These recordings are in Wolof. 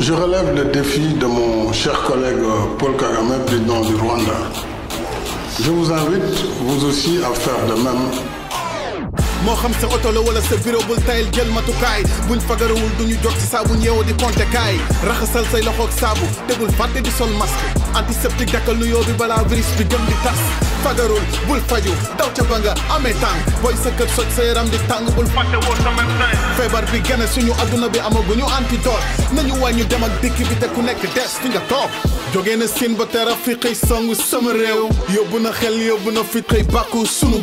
Je relève le défi de mon cher collègue euh, Paul Kagame, président du Rwanda. Je vous invite, vous aussi, à faire de même moo xam sa oto la wala sa bureau bul tayal jël matukaay buñ fagarawul duñu jog ci saabu ñeewu di konte kaay raxasal say loxoog saabu tegul fàtte di sol masque antiseptique dakkal nu yoo bi balaa virus bi gëm di tas fagarul bul faju daw ca ba nga amee tàng booy sa kër soj sa yaram di tàng bul fàtte woo sama feebar bi gene suñu adduna bi amaguñu antidote nañu wàññu dem ak dikk bi te ku nekk des fi nga toog jóge na siin ba teraf fi xëy songu sama réew yóbbu na xel yóbbu na fit xëy bàkku sunu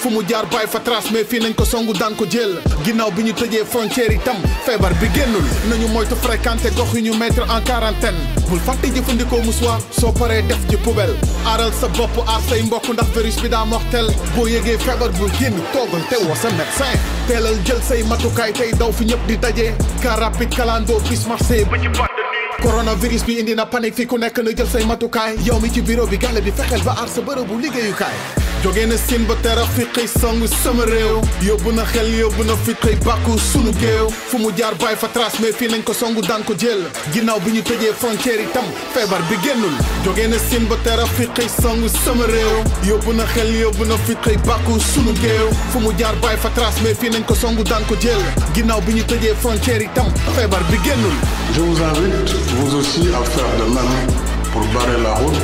fu mu jaar bàyyi fa trace mais fii nañ ko songu daan ko jël ginnaaw bi ñu tëjee yi itam feebar bi génnul nañu moytu fréquenté gox yu ñu mettre en quarantaine bul fàtte jëfandikoo muswa soo paree def ci poubelle aaral sa bopp aar say mbokk ndax virus bi daa mortel boo yëgee feebar bu génn toogal te woo sa médecin teelal jël say matukaay tey daw fi ñëpp di daje car rapide kalandoo coronavirus bi indi na panique fi ku nekk na jël say matukaay yow mi ci bureau bi gàlle bi fexeel ba aar sa bërëbu liggéeyukaay jóge na siin ba terax fi xëy song sama réew yóbbu na xel yóbbu na fi xëy bàkku sunu fu mu jaar bàyyi fa trace mais fii nañ ko song daan ko jël ginnaaw bi ñu tëjee frontière yi tam feebar bi génnul jóge na siin ba terax fi xëy song sama réew yóbbu na xel yóbbu na fi xëy bàkku sunu fu mu jaar bàyyi fa trace mais fii nañ ko song daan ko jël ginnaaw bi ñu tëjee frontière yi tam feebar bi génnul Je vous invite vous aussi à faire de même pour barrer la route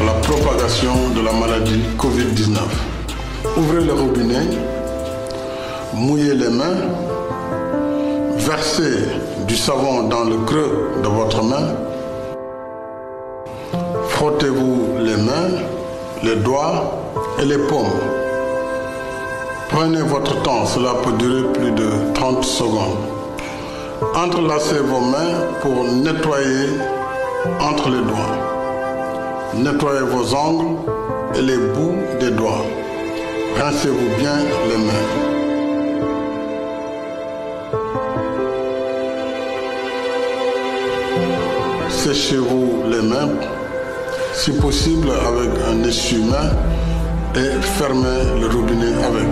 à la propagation de la maladie covid Ouvrez le robinet, mouillez les mains, versez du savon dans le creux de votre main, frottez-vous les mains, les doigts et les paumes. Prenez votre temps, cela peut durer plus de 30 secondes. Entrelacez vos mains pour nettoyer entre les doigts. Nettoyez vos ongles et les bouts des doigts. Rincez-vous bien les mains. Séchez-vous les mains, si possible avec un essuie-main et fermez le robinet avec.